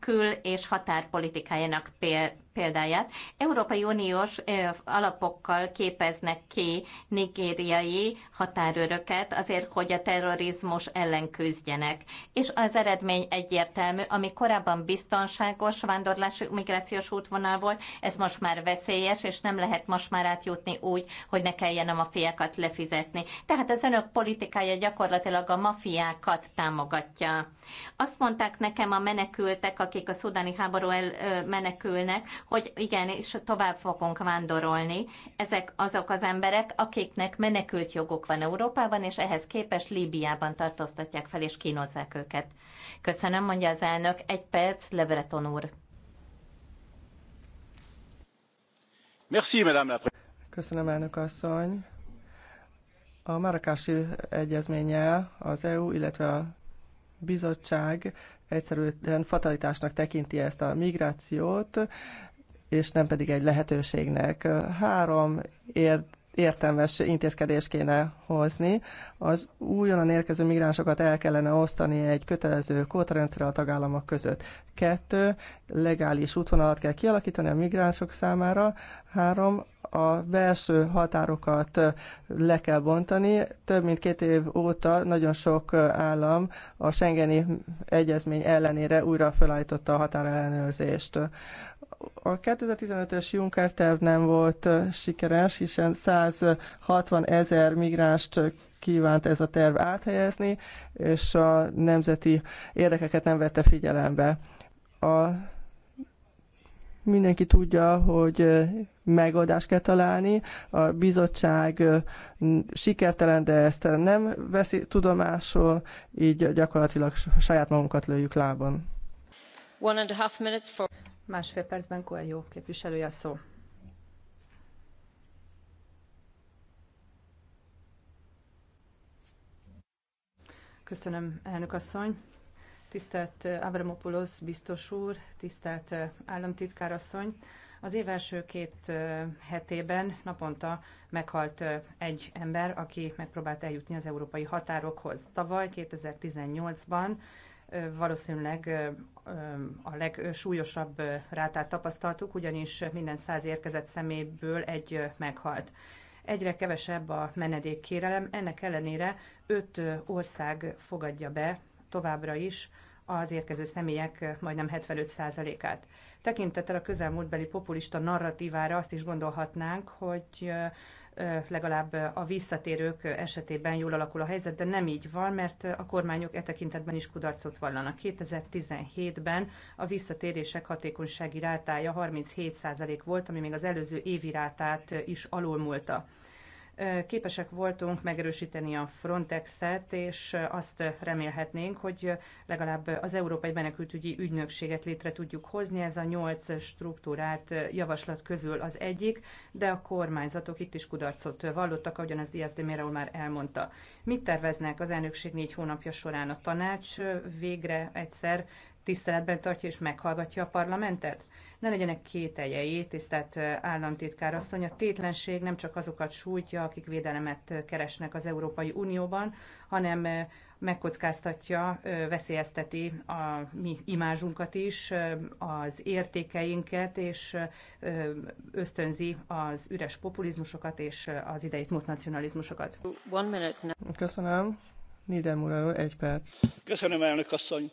kül- és határpolitikájának példáját, Európai Uniós alapokkal képeznek ki nigériai határőröket azért, hogy a terrorizmus ellen küzdjenek. És az eredmény egyértelmű, ami korábban biztonságos vándorlási migrációs útvonal volt, ez most már veszélyes, és nem lehet most már átjutni úgy, hogy ne kelljen a mafiákat lefizetni. Tehát az önök politikája gyakorlatilag a mafiákat támogatja. Azt mondták nekem a menekültek, akik a szudáni háború el menekülnek, hogy igen, és tovább fogunk vándorolni. Ezek azok az emberek, akiknek menekült jogok van Európában, és ehhez képest Líbiában tartóztatják fel és kínozzák őket. Köszönöm, mondja az elnök. Egy perc, Lebreton úr. Merci, madame la Köszönöm, elnök asszony. A Marakási egyezménye az EU, illetve a bizottság egyszerűen fatalitásnak tekinti ezt a migrációt, és nem pedig egy lehetőségnek. Három ér értelmes intézkedés kéne hozni. Az újonnan érkező migránsokat el kellene osztani egy kötelező kótarendszerre a tagállamok között. Kettő, legális útvonalat kell kialakítani a migránsok számára. Három, a belső határokat le kell bontani. Több mint két év óta nagyon sok állam a Schengeni egyezmény ellenére újra felállította a határellenőrzést. A 2015-ös Juncker terv nem volt sikeres, hiszen 160 ezer migránst kívánt ez a terv áthelyezni, és a nemzeti érdekeket nem vette figyelembe. A mindenki tudja, hogy megoldást kell találni. A bizottság sikertelen, de ezt nem veszi tudomásul, így gyakorlatilag saját magunkat lőjük lábon. For... Másfél percben Coelho képviselője a szó. Köszönöm, elnök asszony. Tisztelt eh, Abramopoulos biztos úr, tisztelt eh, államtitkár asszony. Az év első két eh, hetében naponta meghalt egy ember, aki megpróbált eljutni az európai határokhoz. Tavaly 2018-ban valószínűleg a legsúlyosabb rátát tapasztaltuk, ugyanis minden száz érkezett személyből egy meghalt. Egyre kevesebb a menedékkérelem, ennek ellenére öt ország fogadja be továbbra is az érkező személyek majdnem 75%-át. Tekintettel a közelmúltbeli populista narratívára azt is gondolhatnánk, hogy legalább a visszatérők esetében jól alakul a helyzet, de nem így van, mert a kormányok e tekintetben is kudarcot vallanak. 2017-ben a visszatérések hatékonysági rátája 37% volt, ami még az előző évi rátát is alulmúlta képesek voltunk megerősíteni a Frontex-et, és azt remélhetnénk, hogy legalább az Európai Menekültügyi Ügynökséget létre tudjuk hozni. Ez a nyolc struktúrát javaslat közül az egyik, de a kormányzatok itt is kudarcot vallottak, ahogyan az Diaz de Mera már elmondta. Mit terveznek az elnökség négy hónapja során a tanács? Végre egyszer tiszteletben tartja és meghallgatja a parlamentet? Ne legyenek kételjei, tisztelt államtitkár asszony, a tétlenség nem csak azokat sújtja, akik védelemet keresnek az Európai Unióban, hanem megkockáztatja, veszélyezteti a mi imázsunkat is, az értékeinket, és ösztönzi az üres populizmusokat és az idejét múlt nacionalizmusokat. Köszönöm. Niedermuller egy perc. Köszönöm, elnök asszony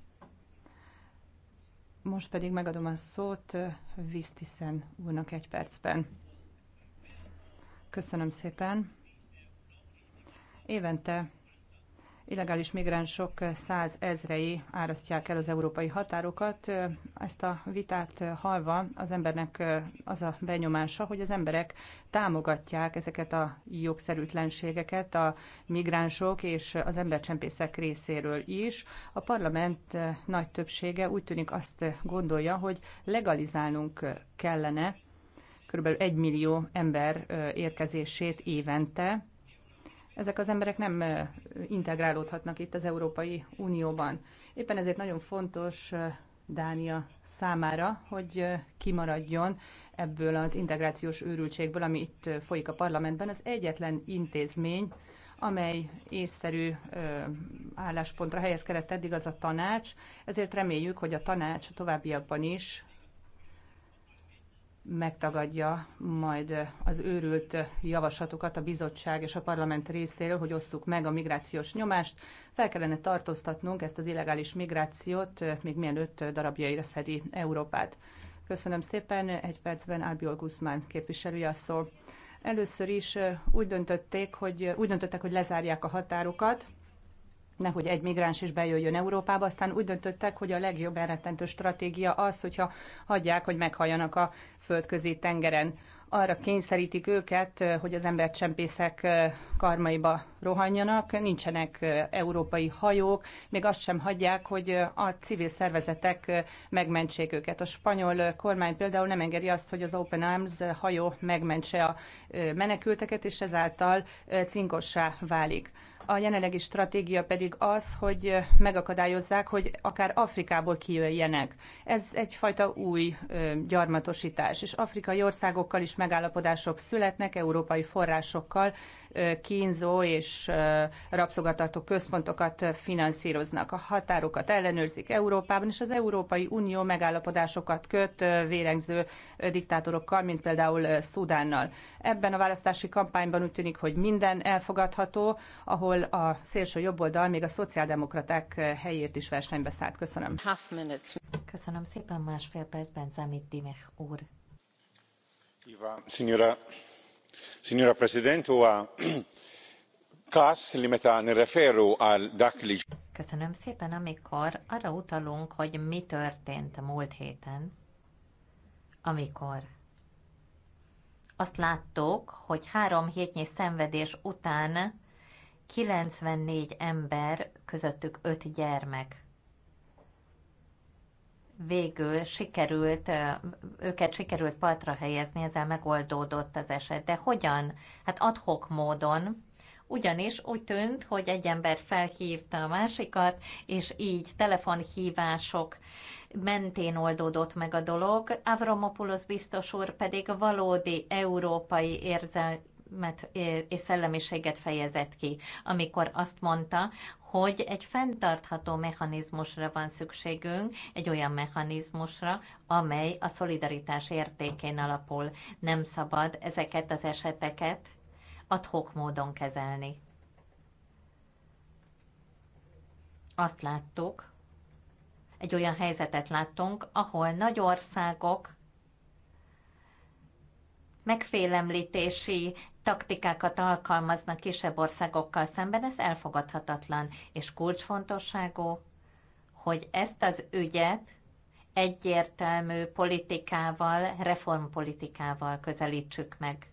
Most pedig megadom a szót Visztiszen úrnak egy percben. Köszönöm szépen. Évente illegális migránsok százezrei árasztják el az európai határokat. Ezt a vitát halva az embernek az a benyomása, hogy az emberek támogatják ezeket a jogszerűtlenségeket a migránsok és az embercsempészek részéről is. A parlament nagy többsége úgy tűnik azt gondolja, hogy legalizálnunk kellene körülbelül egy millió ember érkezését évente, ezek az emberek nem integrálódhatnak itt az Európai Unióban. Éppen ezért nagyon fontos Dánia számára, hogy kimaradjon ebből az integrációs őrültségből, ami itt folyik a parlamentben. Az egyetlen intézmény, amely észszerű álláspontra helyezkedett eddig, az a tanács, ezért reméljük, hogy a tanács továbbiakban is megtagadja majd az őrült javaslatokat a bizottság és a parlament részéről, hogy osszuk meg a migrációs nyomást. Fel kellene tartóztatnunk ezt az illegális migrációt, még mielőtt darabjaira szedi Európát. Köszönöm szépen, egy percben Albiol Guzmán képviselője a szó. Először is úgy döntötték, hogy úgy döntöttek, hogy lezárják a határokat, nehogy egy migráns is bejöjjön Európába. Aztán úgy döntöttek, hogy a legjobb elrettentő stratégia az, hogyha hagyják, hogy meghalljanak a földközi tengeren. Arra kényszerítik őket, eh, hogy az embercsempészek eh, karmaiba rohanjanak, nincsenek eh, európai hajók, még azt sem hagyják, hogy a civil szervezetek megmentsék őket. A spanyol kormány például nem engedi azt, hogy az Open Arms hajó megmentse a menekülteket, és ezáltal cinkossá válik a jelenlegi stratégia pedig az, hogy megakadályozzák, hogy akár Afrikából kijöjjenek. Ez egyfajta új gyarmatosítás, és afrikai országokkal is megállapodások születnek, európai forrásokkal, kínzó és rabszolgatartó központokat finanszíroznak. A határokat ellenőrzik Európában, és az Európai Unió megállapodásokat köt vérengző diktátorokkal, mint például Szudánnal. Ebben a választási kampányban úgy tűnik, hogy minden elfogadható, ahol a szélső jobboldal még a szociáldemokraták helyért is versenybe szállt. Köszönöm. Half minutes. Köszönöm szépen, másfél percben Zamit Dimech úr. Iva, signora signora president a każ li meta nirreferu għal dak li. Köszönöm szépen, amikor arra utalunk, hogy mi történt a múlt héten, amikor azt láttuk, hogy három hétnyi szenvedés után 94 ember, közöttük öt gyermek végül sikerült, őket sikerült partra helyezni, ezzel megoldódott az eset. De hogyan? Hát adhok módon, ugyanis úgy tűnt, hogy egy ember felhívta a másikat, és így telefonhívások mentén oldódott meg a dolog. Avromopoulos biztos úr pedig valódi európai érzel, érzelmet és szellemiséget fejezett ki, amikor azt mondta, hogy egy fenntartható mechanizmusra van szükségünk, egy olyan mechanizmusra, amely a szolidaritás értékén alapul. Nem szabad ezeket az eseteket adhok módon kezelni. Azt láttuk, egy olyan helyzetet láttunk, ahol nagy országok megfélemlítési taktikákat alkalmaznak kisebb országokkal szemben, ez elfogadhatatlan. És kulcsfontosságú, hogy ezt az ügyet egyértelmű politikával, reformpolitikával közelítsük meg.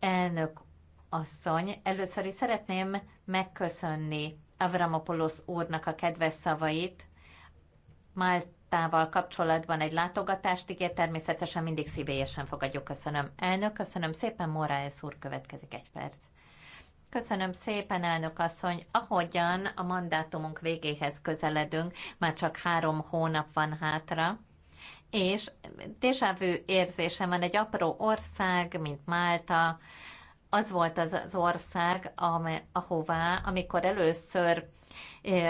Elnök asszony, először is szeretném megköszönni Avramopoulos úrnak a kedves szavait. Mált tával kapcsolatban egy látogatást ígér, természetesen mindig szívélyesen fogadjuk. Köszönöm. Elnök, köszönöm szépen, Morales úr, következik egy perc. Köszönöm szépen, elnök asszony. Ahogyan a mandátumunk végéhez közeledünk, már csak három hónap van hátra, és déjávű érzésem van egy apró ország, mint Málta, az volt az, az ország, ahová, amikor először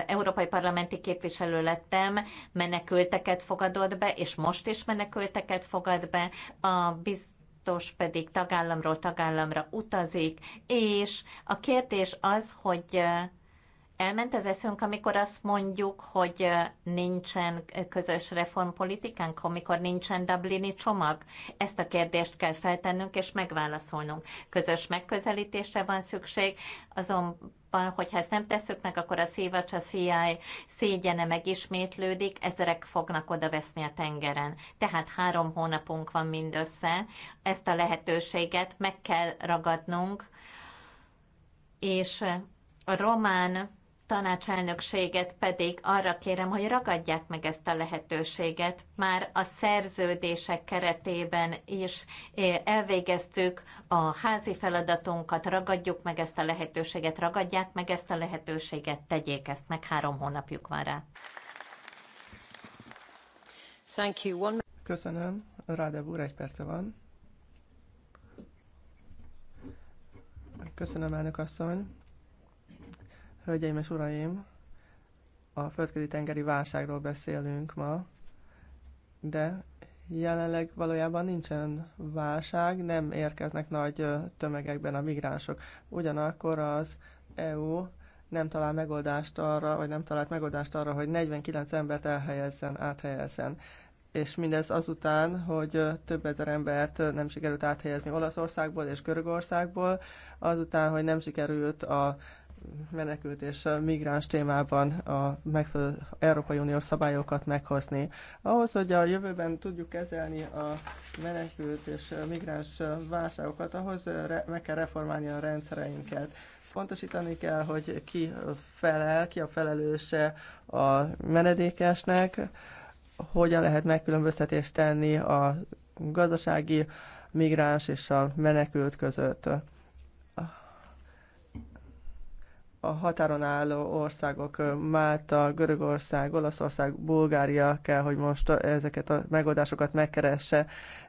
európai parlamenti képviselő lettem, menekülteket fogadott be, és most is menekülteket fogad be. A biz biztos pedig tagállamról tagállamra utazik, és a kérdés az, hogy elment az eszünk, amikor azt mondjuk, hogy nincsen közös reformpolitikánk, amikor nincsen Dublini csomag? Ezt a kérdést kell feltennünk és megválaszolnunk. Közös megközelítésre van szükség, azon abban, hogy ezt nem tesszük meg, akkor a szívacsa a szégyene megismétlődik, ezerek fognak odaveszni a tengeren. Tehát három hónapunk van mindössze, ezt a lehetőséget meg kell ragadnunk, és a román tanácselnökséget pedig arra kérem, hogy ragadják meg ezt a lehetőséget. Már a szerződések keretében is eh, elvégeztük a házi feladatunkat, ragadjuk meg ezt a lehetőséget, ragadják meg ezt a lehetőséget, tegyék ezt meg, három hónapjuk van rá. Thank you. One... Köszönöm. Rádev úr, egy perce van. Köszönöm, elnök asszony Hölgyeim és uraim, a földközi tengeri válságról beszélünk ma, de jelenleg valójában nincsen válság, nem érkeznek nagy tömegekben a migránsok. Ugyanakkor az EU nem talál megoldást arra, vagy nem talált megoldást arra, hogy 49 embert elhelyezzen, áthelyezzen. És mindez azután, hogy több ezer embert nem sikerült áthelyezni Olaszországból és Görögországból, azután, hogy nem sikerült a menekült és a migráns témában a megfelelő Európai Uniós szabályokat meghozni. Ahhoz, hogy a jövőben tudjuk kezelni a menekült és a migráns válságokat, ahhoz meg kell reformálni a rendszereinket. Pontosítani kell, hogy ki felel, ki a felelőse a menedékesnek, hogyan lehet megkülönböztetést tenni a gazdasági migráns és a menekült között a határon álló országok, Málta, Görögország, Olaszország, Bulgária kell, hogy most ezeket a megoldásokat megkeresse.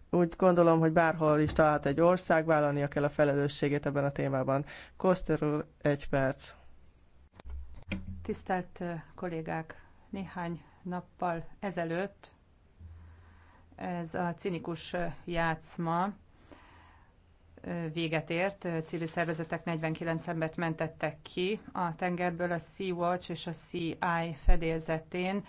Úgy gondolom, hogy bárhol is talált egy ország, vállalnia kell a felelősségét ebben a témában. Koszter úr, egy perc. Tisztelt kollégák, néhány nappal ezelőtt ez a cinikus játszma, véget ért. Civil szervezetek 49 embert mentettek ki a tengerből, a Sea-Watch és a CI fedélzetén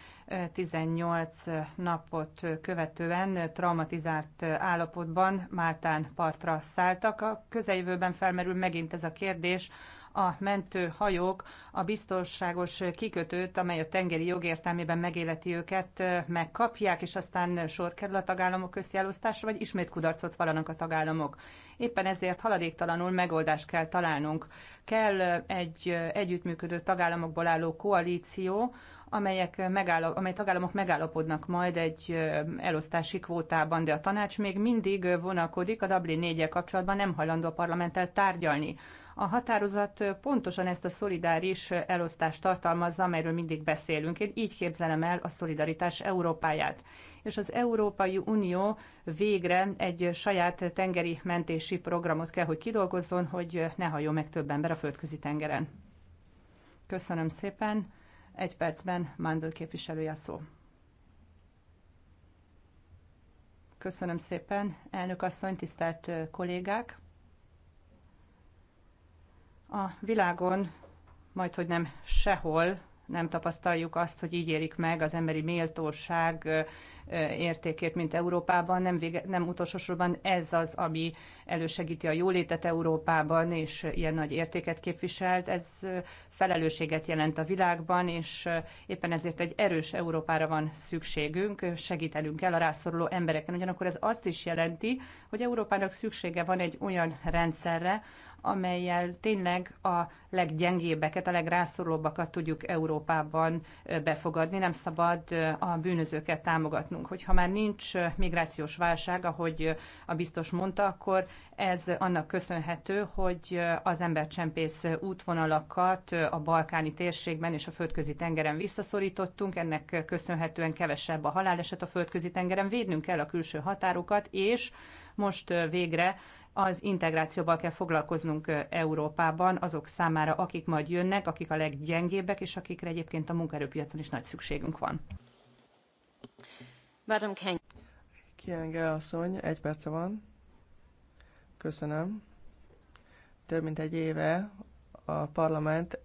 18 napot követően traumatizált állapotban Máltán partra szálltak. A közeljövőben felmerül megint ez a kérdés, a mentőhajók a biztonságos kikötőt, amely a tengeri jog értelmében megéleti őket, megkapják, és aztán sor kerül a tagállamok közti elosztásra, vagy ismét kudarcot vallanak a tagállamok. Éppen ezért haladéktalanul megoldást kell találnunk. Kell egy együttműködő tagállamokból álló koalíció, amelyek megáll, amely tagállamok megállapodnak majd egy elosztási kvótában, de a tanács még mindig vonakodik, a Dublin 4 kapcsolatban nem hajlandó a parlamenttel tárgyalni. A határozat pontosan ezt a szolidáris elosztást tartalmazza, amelyről mindig beszélünk. Én így képzelem el a szolidaritás Európáját. És az Európai Unió végre egy saját tengeri mentési programot kell, hogy kidolgozzon, hogy ne hajjon meg több ember a földközi tengeren. Köszönöm szépen. Egy percben Mandel képviselője a szó. Köszönöm szépen, elnök asszony, tisztelt kollégák! A világon majd hogy nem sehol nem tapasztaljuk azt, hogy így érik meg az emberi méltóság értékét, mint Európában. Nem, vége, nem utolsósorban ez az, ami elősegíti a jólétet Európában, és ilyen nagy értéket képviselt. Ez felelősséget jelent a világban, és éppen ezért egy erős Európára van szükségünk, segítenünk el a rászoruló embereken. Ugyanakkor ez azt is jelenti, hogy Európának szüksége van egy olyan rendszerre, amelyel tényleg a leggyengébbeket, a legrászorulóbbakat tudjuk Európában befogadni. Nem szabad a bűnözőket támogatnunk. Hogyha már nincs migrációs válság, ahogy a biztos mondta, akkor ez annak köszönhető, hogy az embercsempész útvonalakat a balkáni térségben és a földközi tengeren visszaszorítottunk. Ennek köszönhetően kevesebb a haláleset a földközi tengeren. Védnünk kell a külső határokat, és most végre az integrációval kell foglalkoznunk Európában azok számára, akik majd jönnek, akik a leggyengébbek, és akikre egyébként a munkaerőpiacon is nagy szükségünk van. Madam King. Kienge asszony, egy perce van. Köszönöm. Több mint egy éve a parlament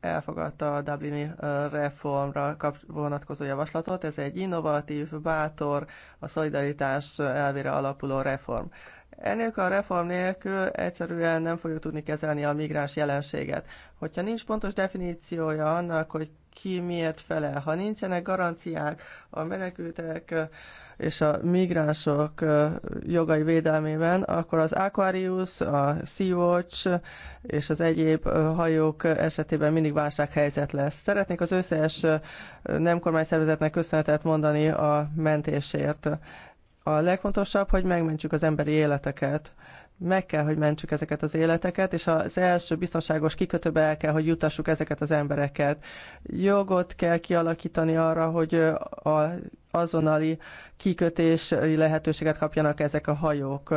elfogadta a Dublini reformra kap vonatkozó javaslatot. Ez egy innovatív, bátor, a szolidaritás elvére alapuló reform. Enélkül a reform nélkül egyszerűen nem fogjuk tudni kezelni a migráns jelenséget. Hogyha nincs pontos definíciója annak, hogy ki miért felel, ha nincsenek garanciák a menekültek és a migránsok jogai védelmében, akkor az Aquarius, a Sea-Watch és az egyéb hajók esetében mindig válsághelyzet lesz. Szeretnék az összes nem kormányszervezetnek köszönetet mondani a mentésért. A legfontosabb, hogy megmentsük az emberi életeket. Meg kell, hogy mentsük ezeket az életeket, és az első biztonságos kikötőbe el kell, hogy jutassuk ezeket az embereket. Jogot kell kialakítani arra, hogy a azonnali kikötési lehetőséget kapjanak ezek a hajók.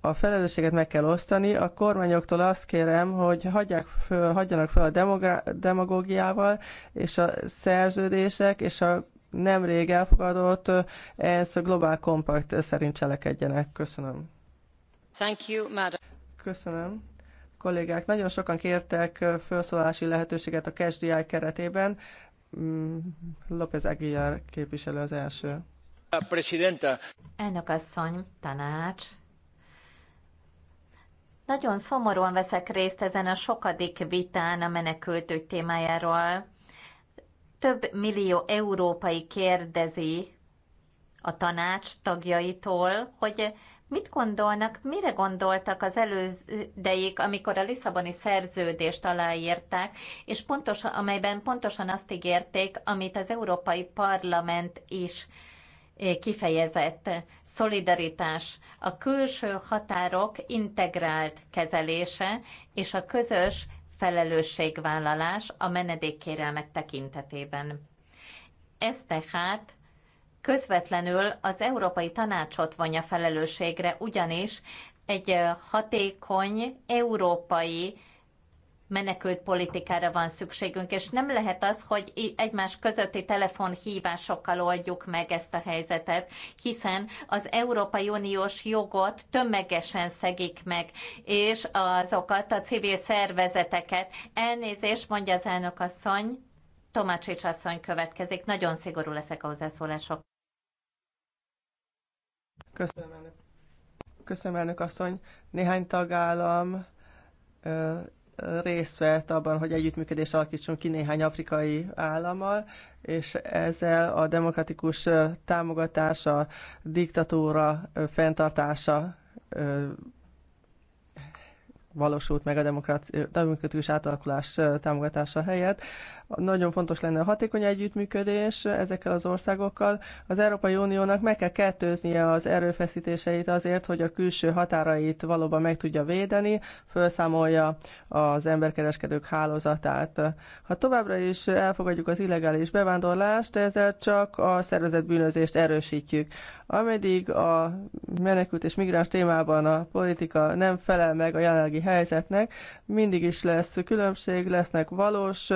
A felelősséget meg kell osztani. A kormányoktól azt kérem, hogy hagyják föl, hagyjanak fel a demagógiával, és a szerződések és a nemrég elfogadott ENSZ Global Compact szerint cselekedjenek. Köszönöm. Thank you, madam. Köszönöm. Kollégák, nagyon sokan kértek felszólalási lehetőséget a KSDI keretében. Mm, López Aguilar képviselő az első. Presidenta. Elnök asszony, tanács, nagyon szomorúan veszek részt ezen a sokadik vitán a menekültügy témájáról. Több millió európai kérdezi a tanács tagjaitól, hogy mit gondolnak, mire gondoltak az elődeik, amikor a Lisszaboni szerződést aláírták, és pontosan, amelyben pontosan azt ígérték, amit az Európai Parlament is eh, kifejezett szolidaritás, a külső határok integrált kezelése és a közös felelősségvállalás a menedékkérelmek tekintetében. Ez tehát közvetlenül az Európai Tanácsot vonja felelősségre, ugyanis egy hatékony európai menekült politikára van szükségünk, és nem lehet az, hogy egymás közötti telefonhívásokkal oldjuk meg ezt a helyzetet, hiszen az Európai Uniós jogot tömegesen szegik meg, és azokat a civil szervezeteket. Elnézést, mondja az elnök asszony, Tomácsics asszony következik. Nagyon szigorú leszek a hozzászólások. Köszönöm, elnök. Köszönöm, elnök asszony. Néhány tagállam részt vett abban, hogy együttműködést alakítsunk ki néhány afrikai állammal, és ezzel a demokratikus támogatása, diktatúra fenntartása valósult meg a demokratikus átalakulás támogatása helyett. Nagyon fontos lenne a hatékony együttműködés ezekkel az országokkal. Az Európai Uniónak meg kell kettőznie az erőfeszítéseit azért, hogy a külső határait valóban meg tudja védeni, felszámolja az emberkereskedők hálózatát. Ha továbbra is elfogadjuk az illegális bevándorlást, ezzel csak a szervezet bűnözést erősítjük. Ameddig a menekült és migráns témában a politika nem felel meg a jelenlegi helyzetnek, mindig is lesz különbség, lesznek valós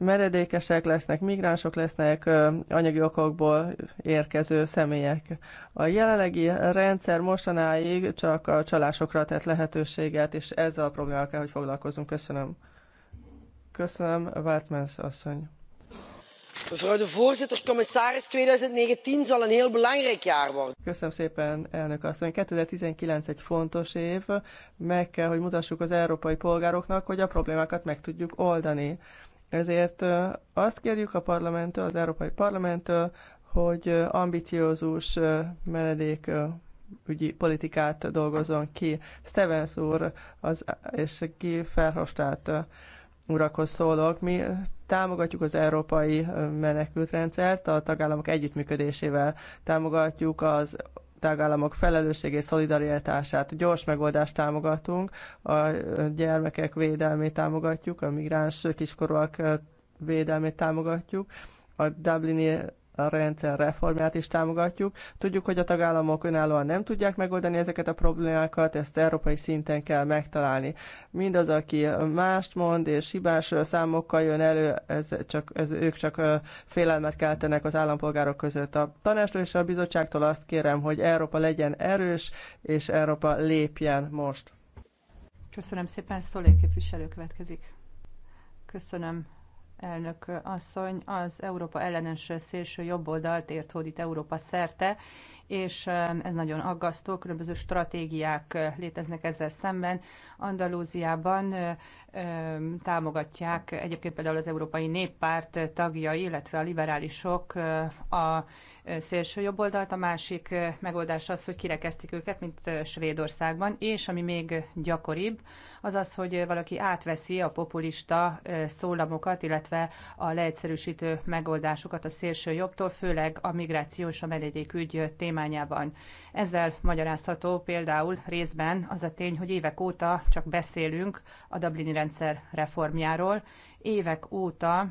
meredékesek lesznek, migránsok lesznek, anyagi okokból érkező személyek. A jelenlegi rendszer mostanáig csak a csalásokra tett lehetőséget, és ezzel a problémával kell, hogy foglalkozunk. Köszönöm. Köszönöm, Wártmens asszony. Mevrouw de voorzitter, commissaris, 2019 zal een heel belangrijk jaar worden. Köszönöm szépen, elnök asszony. 2019 egy fontos év. Meg kell, hogy mutassuk az európai polgároknak, hogy a problémákat meg tudjuk oldani. Ezért azt kérjük a parlamenttől, az Európai Parlamenttől, hogy ambiciózus menedék ügyi politikát dolgozzon ki. Stevens úr az, és ki felhostált urakhoz szólok. Mi támogatjuk az európai menekültrendszert a tagállamok együttműködésével, támogatjuk az tagállamok felelősségét, szolidaritását, gyors megoldást támogatunk, a gyermekek védelmét támogatjuk, a migráns kiskorúak védelmét támogatjuk, a Dublini a rendszer reformját is támogatjuk. Tudjuk, hogy a tagállamok önállóan nem tudják megoldani ezeket a problémákat, ezt európai szinten kell megtalálni. Mindaz, aki mást mond és hibás számokkal jön elő, ez csak, ez, ők csak félelmet keltenek az állampolgárok között. A tanástól és a bizottságtól azt kérem, hogy Európa legyen erős, és Európa lépjen most. Köszönöm szépen, Szolé képviselő következik. Köszönöm, elnök asszony, az Európa ellenes szélső jobboldalt ért hódít Európa szerte, és ez nagyon aggasztó, különböző stratégiák eh, léteznek ezzel szemben. Andalúziában eh, támogatják egyébként például az Európai Néppárt tagjai, illetve a liberálisok eh, a szélső jobboldalt, a másik megoldás az, hogy kirekeztik őket, mint Svédországban, és ami még gyakoribb, az az, hogy valaki átveszi a populista szólamokat, illetve a leegyszerűsítő megoldásokat a szélső jobbtól, főleg a migráció és a menedékügy témájában kormányában. Ezzel magyarázható például részben az a tény, hogy évek óta csak beszélünk a Dublini rendszer reformjáról, évek óta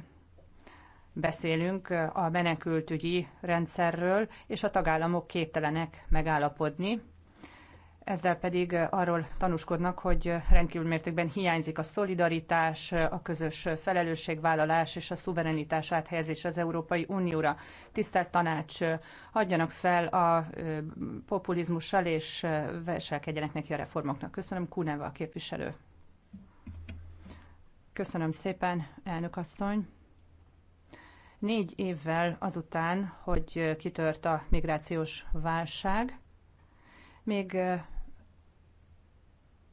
beszélünk a menekültügyi rendszerről, és a tagállamok képtelenek megállapodni, ezzel pedig eh, arról tanúskodnak, hogy eh, rendkívül mértékben hiányzik a szolidaritás, eh, a közös felelősségvállalás és a szuverenitás áthelyezés az Európai Unióra. Tisztelt tanács, adjanak fel a populizmussal és veselkedjenek neki a reformoknak. Köszönöm, Kuneva a képviselő. Köszönöm szépen, elnök asszony. Négy évvel azután, hogy kitört a migrációs válság, még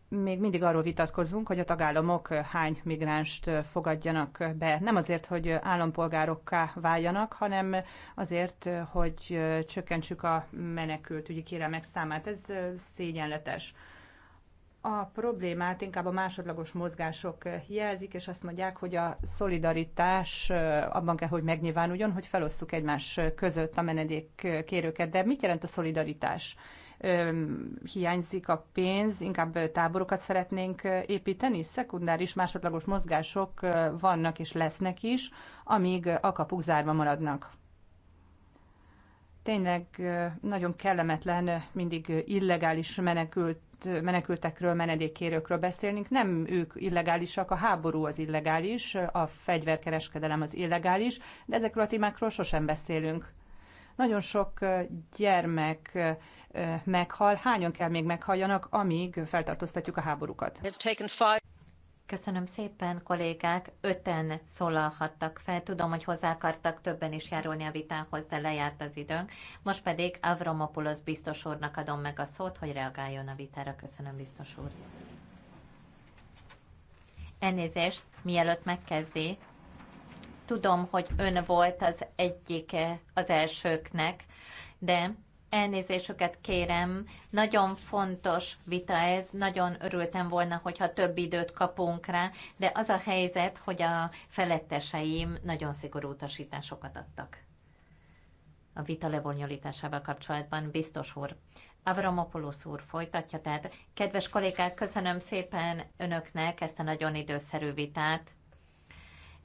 még mindig arról vitatkozunk, hogy a tagállamok hány migránst fogadjanak be. Nem azért, hogy állampolgárokká váljanak, hanem azért, hogy csökkentsük a menekült, ügyi kérelmek számát. Ez szégyenletes. A problémát inkább a másodlagos mozgások jelzik, és azt mondják, hogy a szolidaritás abban kell, hogy megnyilvánuljon, hogy felosztuk egymás között a menedékkérőket. De mit jelent a szolidaritás? hiányzik a pénz, inkább táborokat szeretnénk építeni, szekundáris, másodlagos mozgások vannak és lesznek is, amíg a kapuk zárva maradnak tényleg nagyon kellemetlen mindig illegális menekült, menekültekről, menedékkérőkről beszélnünk. Nem ők illegálisak, a háború az illegális, a fegyverkereskedelem az illegális, de ezekről a témákról sosem beszélünk. Nagyon sok gyermek meghal. Hányan kell még meghaljanak, amíg feltartóztatjuk a háborúkat? Köszönöm szépen, kollégák. Öten szólalhattak fel. Tudom, hogy hozzá akartak többen is járulni a vitához, de lejárt az időnk. Most pedig Avramopoulos biztos úrnak adom meg a szót, hogy reagáljon a vitára. Köszönöm, biztos úr. Elnézést, mielőtt megkezdi, Tudom, hogy ön volt az egyike az elsőknek, de elnézésüket kérem, nagyon fontos vita ez, nagyon örültem volna, hogyha több időt kapunk rá, de az a helyzet, hogy a feletteseim nagyon szigorú utasításokat adtak a vita lebonyolításával kapcsolatban, biztos úr. Avramopoulos úr folytatja, tehát kedves kollégák, köszönöm szépen önöknek ezt a nagyon időszerű vitát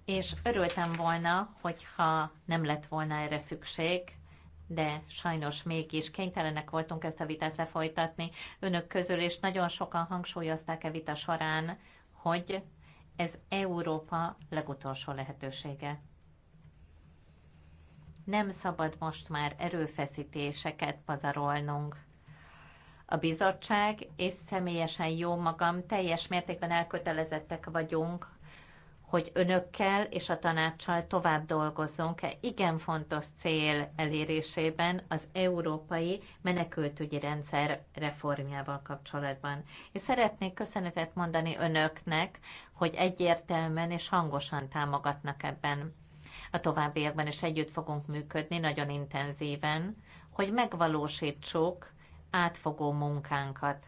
és örültem volna, hogyha nem lett volna erre szükség, de sajnos mégis kénytelenek voltunk ezt a vitát lefolytatni önök közül, és nagyon sokan hangsúlyozták e vita során, hogy ez Európa legutolsó lehetősége. Nem szabad most már erőfeszítéseket pazarolnunk. A bizottság és személyesen jó magam teljes mértékben elkötelezettek vagyunk hogy önökkel és a tanácssal tovább dolgozzunk-e igen fontos cél elérésében az európai menekültügyi rendszer reformjával kapcsolatban. És szeretnék köszönetet mondani önöknek, hogy egyértelműen és hangosan támogatnak ebben. A továbbiakban és együtt fogunk működni nagyon intenzíven, hogy megvalósítsuk átfogó munkánkat,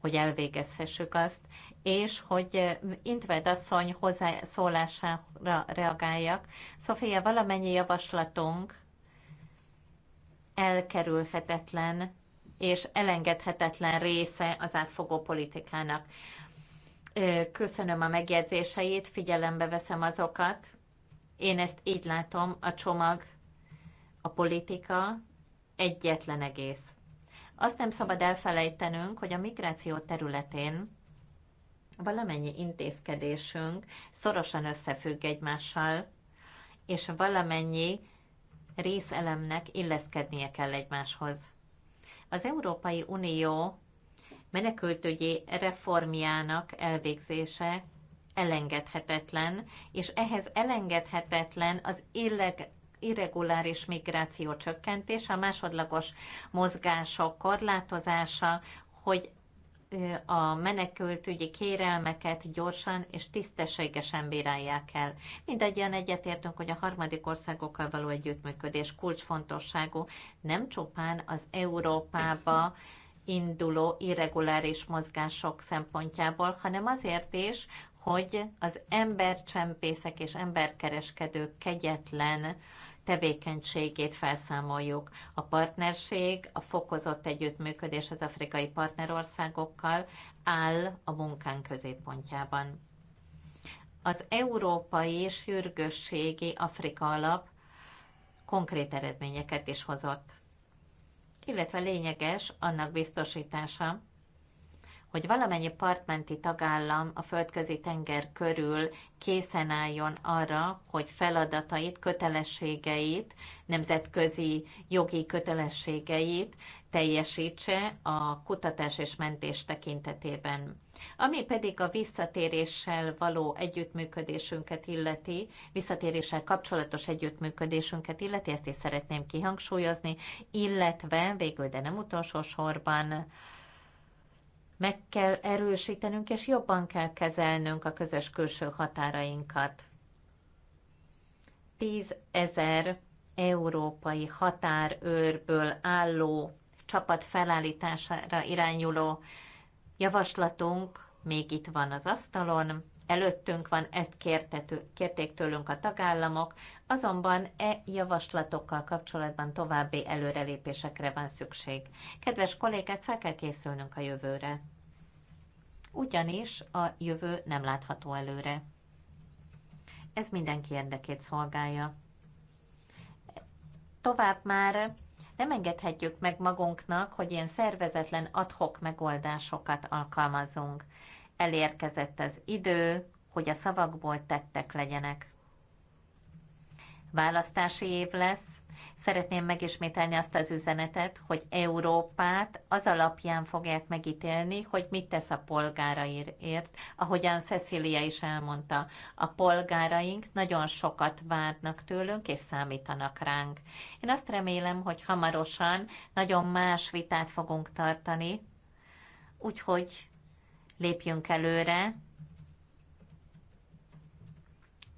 hogy elvégezhessük azt, és hogy Intved asszony hozzászólására reagáljak. Szofia, valamennyi javaslatunk elkerülhetetlen és elengedhetetlen része az átfogó politikának. Köszönöm a megjegyzéseit, figyelembe veszem azokat. Én ezt így látom, a csomag, a politika egyetlen egész. Azt nem szabad elfelejtenünk, hogy a migráció területén valamennyi intézkedésünk szorosan összefügg egymással, és valamennyi részelemnek illeszkednie kell egymáshoz. Az Európai Unió menekültügyi reformjának elvégzése elengedhetetlen, és ehhez elengedhetetlen az illeg, irreguláris migráció csökkentése, a másodlagos mozgások korlátozása, hogy a menekültügyi kérelmeket gyorsan és tisztességesen bírálják el. Mindegyen egyetértünk, hogy a harmadik országokkal való együttműködés kulcsfontosságú, nem csupán az Európába induló irreguláris mozgások szempontjából, hanem azért is, hogy az embercsempészek és emberkereskedők kegyetlen tevékenységét felszámoljuk. A partnerség, a fokozott együttműködés az afrikai partnerországokkal áll a munkánk középpontjában. Az Európai Sürgősségi Afrika Alap konkrét eredményeket is hozott, illetve lényeges annak biztosítása, hogy valamennyi partmenti tagállam a földközi tenger körül készen álljon arra, hogy feladatait, kötelességeit, nemzetközi jogi kötelességeit teljesítse a kutatás és mentés tekintetében. Ami pedig a visszatéréssel való együttműködésünket illeti, visszatéréssel kapcsolatos együttműködésünket illeti, ezt is szeretném kihangsúlyozni, illetve végül, de nem utolsó sorban, meg kell erősítenünk, és jobban kell kezelnünk a közös külső határainkat. Tízezer európai határőrből álló csapat felállítására irányuló javaslatunk még itt van az asztalon, előttünk van, ezt kértető, kérték tőlünk a tagállamok, Azonban e javaslatokkal kapcsolatban további előrelépésekre van szükség. Kedves kollégák, fel kell készülnünk a jövőre. Ugyanis a jövő nem látható előre. Ez mindenki érdekét szolgálja. Tovább már nem engedhetjük meg magunknak, hogy ilyen szervezetlen adhok megoldásokat alkalmazunk. Elérkezett az idő, hogy a szavakból tettek legyenek választási év lesz. Szeretném megismételni azt az üzenetet, hogy Európát az alapján fogják megítélni, hogy mit tesz a polgáraért. Ahogyan Cecilia is elmondta, a polgáraink nagyon sokat várnak tőlünk és számítanak ránk. Én azt remélem, hogy hamarosan nagyon más vitát fogunk tartani, úgyhogy lépjünk előre,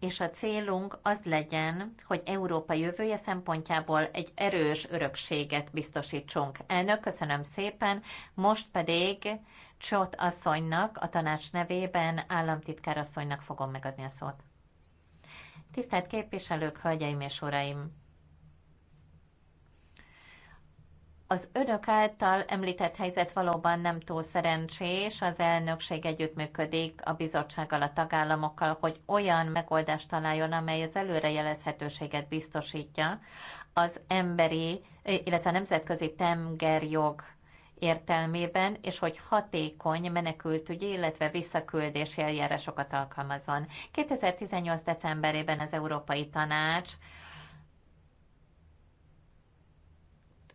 és a célunk az legyen, hogy Európa jövője szempontjából egy erős örökséget biztosítsunk. Elnök, köszönöm szépen, most pedig Csot asszonynak, a tanács nevében államtitkár asszonynak fogom megadni a szót. Tisztelt képviselők, hölgyeim és uraim! Az önök által említett helyzet valóban nem túl szerencsés, az elnökség együttműködik a bizottsággal, a tagállamokkal, hogy olyan megoldást találjon, amely az előrejelezhetőséget biztosítja az emberi, illetve a nemzetközi tengerjog értelmében, és hogy hatékony menekültügyi, illetve visszaküldési eljárásokat alkalmazon. 2018. decemberében az Európai Tanács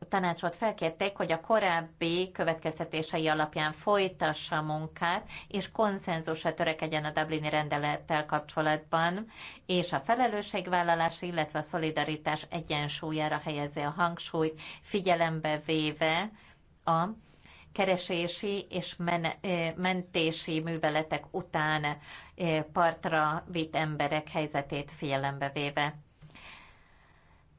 tanácsot felkérték, hogy a korábbi következtetései alapján folytassa a munkát, és konszenzusra törekedjen a Dublini rendelettel kapcsolatban, és a felelősségvállalás, illetve a szolidaritás egyensúlyára helyezi a hangsúlyt, figyelembe véve a keresési és men- mentési műveletek után partra vitt emberek helyzetét figyelembe véve.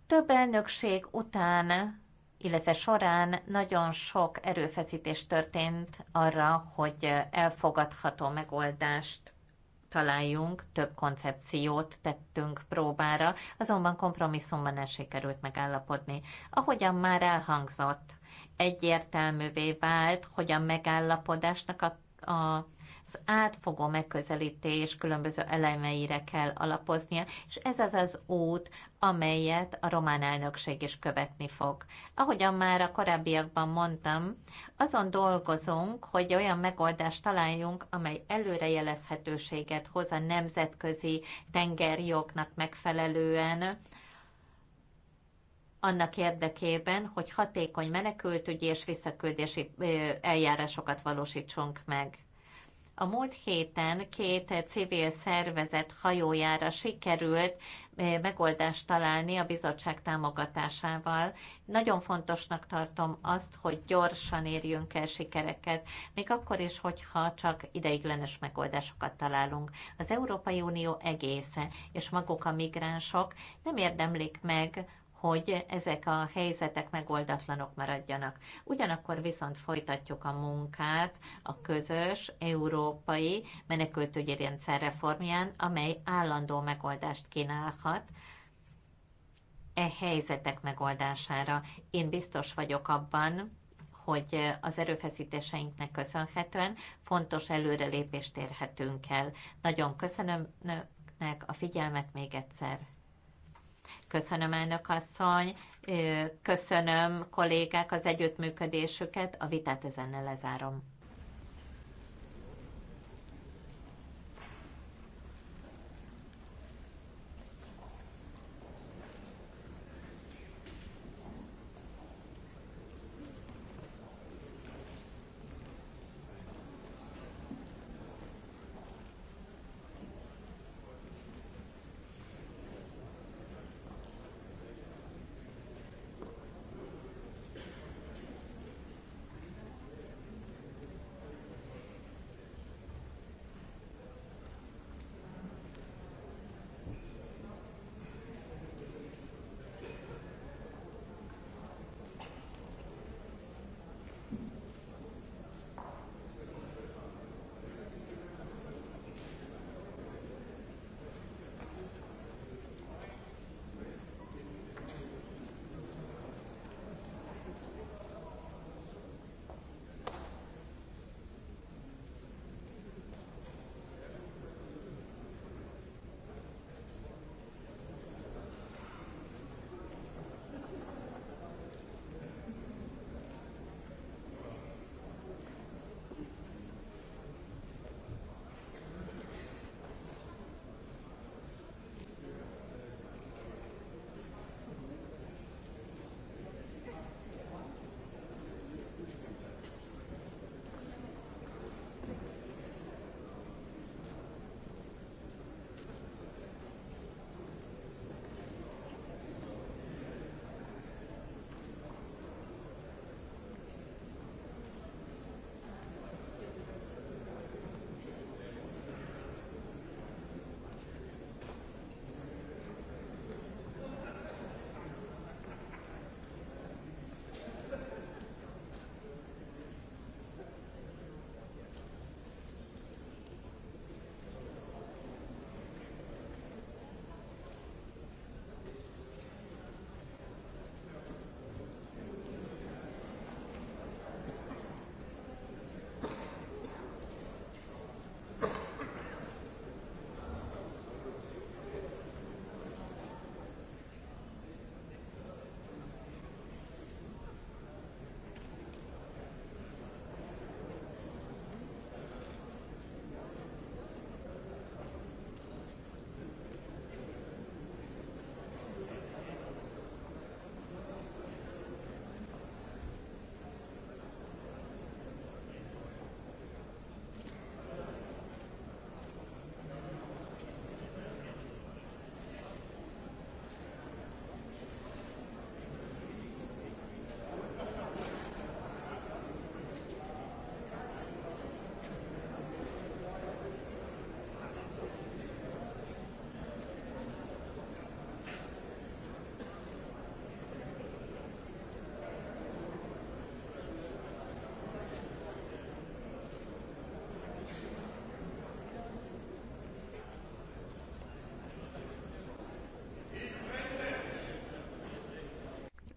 Több elnökség után illetve során nagyon sok erőfeszítés történt arra, hogy elfogadható megoldást találjunk, több koncepciót tettünk próbára, azonban kompromisszumban el sikerült megállapodni. Ahogyan már elhangzott, egyértelművé vált, hogy a megállapodásnak a, a átfogó megközelítés különböző elemeire kell alapoznia, és ez az az út, amelyet a román elnökség is követni fog. Ahogyan már a korábbiakban mondtam, azon dolgozunk, hogy olyan megoldást találjunk, amely előrejelezhetőséget hoz a nemzetközi tengerjognak megfelelően, annak érdekében, hogy hatékony menekültügyi és visszaküldési eljárásokat valósítsunk meg. A múlt héten két civil szervezet hajójára sikerült eh, megoldást találni a bizottság támogatásával. Nagyon fontosnak tartom azt, hogy gyorsan érjünk el sikereket, még akkor is, hogyha csak ideiglenes megoldásokat találunk. Az Európai Unió egésze és maguk a migránsok nem érdemlik meg, hogy ezek a helyzetek megoldatlanok maradjanak. Ugyanakkor viszont folytatjuk a munkát a közös európai menekültügyi rendszer reformján, amely állandó megoldást kínálhat e helyzetek megoldására. Én biztos vagyok abban, hogy az erőfeszítéseinknek köszönhetően fontos előrelépést érhetünk el. Nagyon köszönöm a figyelmet még egyszer. Köszönöm, elnök asszony, köszönöm kollégák az együttműködésüket, a vitát ezennel lezárom.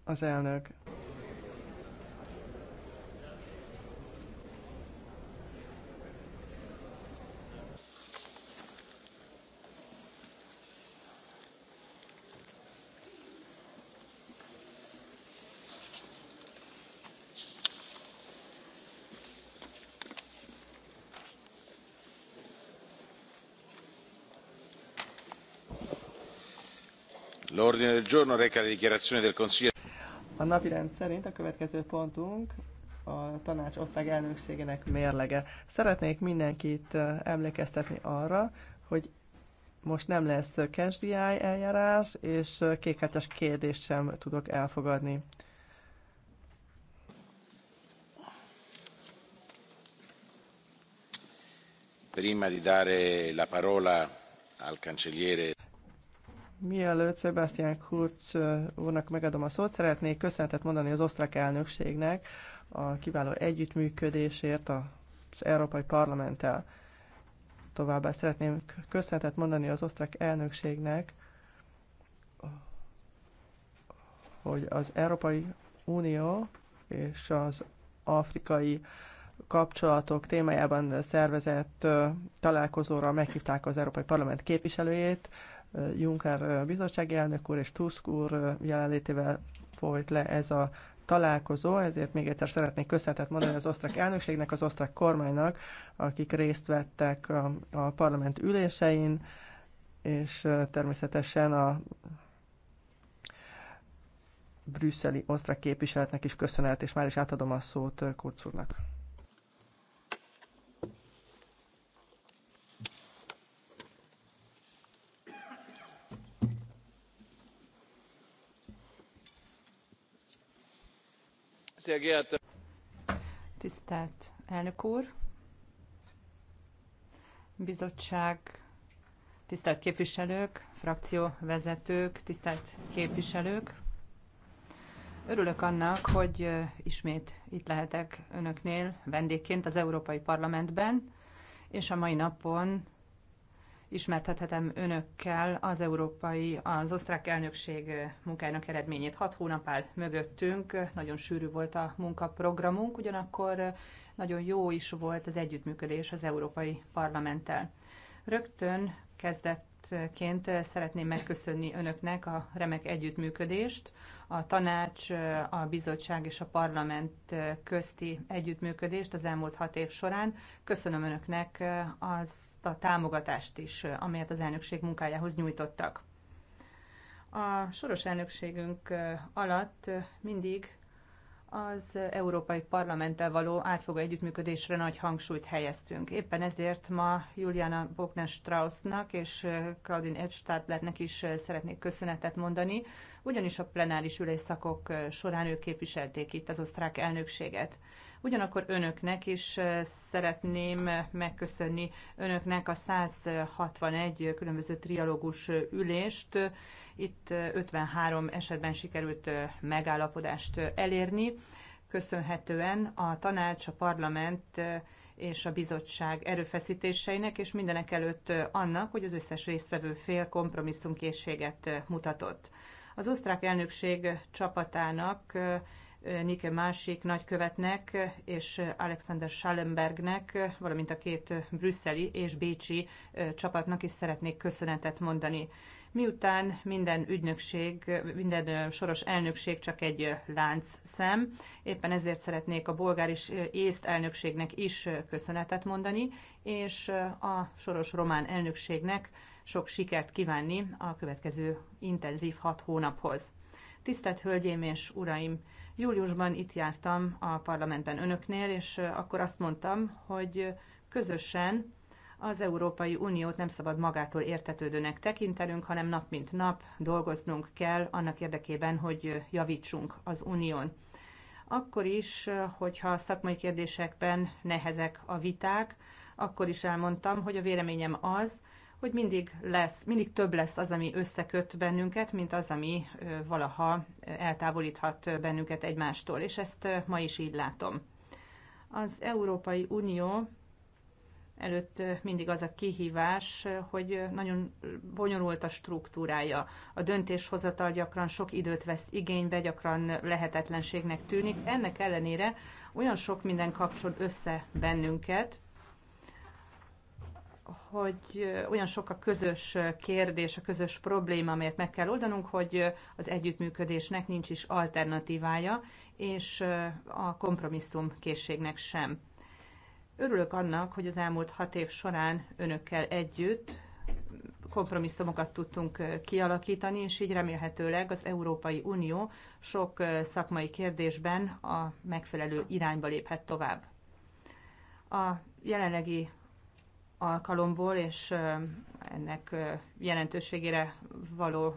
az elnök. l'ordine del giorno reca le dichiarazioni del consiglio. Napi rend szerint a következő pontunk a tanács ország elnökségének mérlege. Szeretnék mindenkit emlékeztetni arra, hogy most nem lesz CashDI eljárás, és kékkártyás kérdést sem tudok elfogadni. Prima di dare la parola al cancelliere Mielőtt Sebastian Kurz úrnak megadom a szót, szeretnék köszönetet mondani az osztrák elnökségnek a kiváló együttműködésért az Európai Parlamenttel. Továbbá szeretném köszönetet mondani az osztrák elnökségnek, hogy az Európai Unió és az afrikai kapcsolatok témájában szervezett találkozóra meghívták az Európai Parlament képviselőjét, Juncker bizottsági elnök úr és Tusk úr jelenlétével folyt le ez a találkozó, ezért még egyszer szeretnék köszönetet mondani az osztrák elnökségnek, az osztrák kormánynak, akik részt vettek a, a parlament ülésein, és természetesen a brüsszeli osztrák képviseletnek is köszönet, és már is átadom a szót Kurz úrnak. Tisztelt elnök úr, bizottság, tisztelt képviselők, frakcióvezetők, tisztelt képviselők. Örülök annak, hogy ismét itt lehetek önöknél vendégként az Európai Parlamentben, és a mai napon ismertethetem önökkel az európai, az osztrák elnökség munkájának eredményét. Hat hónap áll mögöttünk, nagyon sűrű volt a munkaprogramunk, ugyanakkor nagyon jó is volt az együttműködés az Európai Parlamenttel. Rögtön kezdett Parlamentként szeretném megköszönni önöknek a remek együttműködést, a tanács, a bizottság és a parlament közti együttműködést az elmúlt hat év során. Köszönöm önöknek azt a támogatást is, amelyet az elnökség munkájához nyújtottak. A soros elnökségünk alatt mindig az Európai Parlamenttel való átfogó együttműködésre nagy hangsúlyt helyeztünk. Éppen ezért ma Juliana Bogner Straussnak és Claudine Edstadlernek is szeretnék köszönetet mondani, ugyanis a plenáris ülésszakok során ők képviselték itt az osztrák elnökséget. Ugyanakkor önöknek is szeretném megköszönni önöknek a 161 különböző trialógus ülést. Itt 53 esetben sikerült megállapodást elérni. Köszönhetően a tanács, a parlament és a bizottság erőfeszítéseinek, és mindenek előtt annak, hogy az összes résztvevő fél kompromisszumkészséget mutatott. Az osztrák elnökség csapatának Nike másik nagykövetnek és Alexander Schallenbergnek, valamint a két brüsszeli és bécsi csapatnak is szeretnék köszönetet mondani. Miután minden ügynökség, minden soros elnökség csak egy láncszem, éppen ezért szeretnék a bolgár és észt elnökségnek is köszönetet mondani, és a soros román elnökségnek sok sikert kívánni a következő intenzív hat hónaphoz. Tisztelt Hölgyeim és Uraim! Júliusban itt jártam a parlamentben önöknél, és akkor azt mondtam, hogy közösen az Európai Uniót nem szabad magától értetődőnek tekintenünk, hanem nap mint nap dolgoznunk kell annak érdekében, hogy javítsunk az unión. Akkor is, hogyha szakmai kérdésekben nehezek a viták, akkor is elmondtam, hogy a véleményem az, hogy mindig lesz, mindig több lesz az, ami összeköt bennünket, mint az, ami valaha eltávolíthat bennünket egymástól, és ezt ma is így látom. Az Európai Unió előtt mindig az a kihívás, hogy nagyon bonyolult a struktúrája. A döntéshozatal gyakran sok időt vesz igénybe, gyakran lehetetlenségnek tűnik. Ennek ellenére olyan sok minden kapcsol össze bennünket, hogy olyan sok a közös kérdés, a közös probléma, amelyet meg kell oldanunk, hogy az együttműködésnek nincs is alternatívája, és a kompromisszum készségnek sem. Örülök annak, hogy az elmúlt hat év során önökkel együtt kompromisszumokat tudtunk kialakítani, és így remélhetőleg az Európai Unió sok szakmai kérdésben a megfelelő irányba léphet tovább. A jelenlegi alkalomból, és ennek jelentőségére való